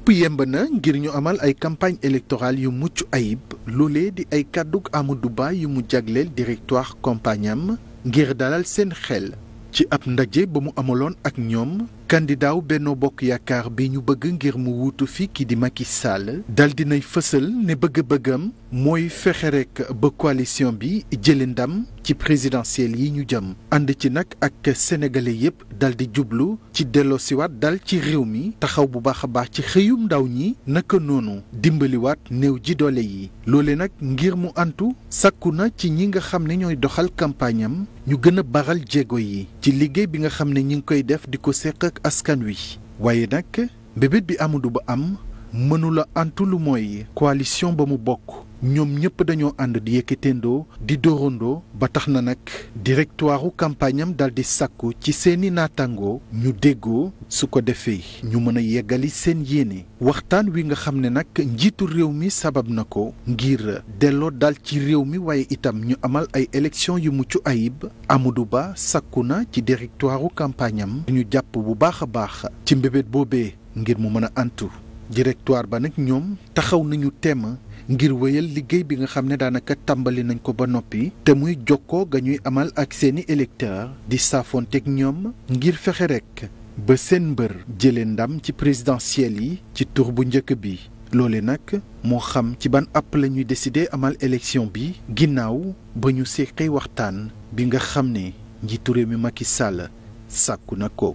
lépp yemb na ngir ñu amal ay campagne électorale yu mucc ayib loolee di ay kàddug du Ba yu mu jagleel directoire campagne am ngir dalal seen xel ci ab ndaje ba mu amaloon ak ñoom candidat wu Benno Bokk Yaakaar bi ñu bëgg ngir mu wuutu fi ki di Macky Sall dal dinay fësal ne bëgg-bëggam mooy fexe rek ba coalition bi jële ndam ci présidentielle yi ñu jëm ànd ci nag ak sénégalais yépp dal di jublu ci delloosiwaat dal ci réew mi taxaw bu baax a baax ci xëyum ndaw ñi naka noonu dimbaliwaat néew ji dole yi loole nag ngir mu antu sàkku na ci ñi nga xam ne ñooy doxal campagne ñu gën a baral jéego yi ci liggéey bi nga xam ne ñi ngi koy def di ko seq askan wi waaye nag mbébét bi Amadou Ba am mënula antu lu mooy coalition ba mu bokk ñoom ñëpp dañoo ànd di yëkkatendoo di dóorandoo ba tax na nag directoire u campagne daal di sàkku ci seeni naataangoo ñu déggoo su ko defee ñu mën a yeggali seen yéene waxtaan wi nga xam ne nag njiitu réew mi sabab na ko ngir delloo dal ci réew mi waaye itam ñu amal ay élection yu mucc ayib Amadou Ba sàkku na ci directoire u campagne ñu jàpp bu baax a baax ci mbébét boobee ngir mu mën a antu directoire ba nag ñoom taxaw nañu temm ngir wéyal liggéey bi nga xam ne daanaka tàmbali nañ ko ba noppi te muy jokkoo ga ñuy amal ak seeni électeurs di saafonteeg ñoom ngir fexe rek ba seen mbër jëlee ndam ci présidentielles yi ci tur bu njëkk bi loole nag moo xam ci ban app lañuy ñuy amal élection bi ginnaaw ba ñu seqee waxtaan bi nga xam ne njiitu réew mi Macky Sall sàkku na ko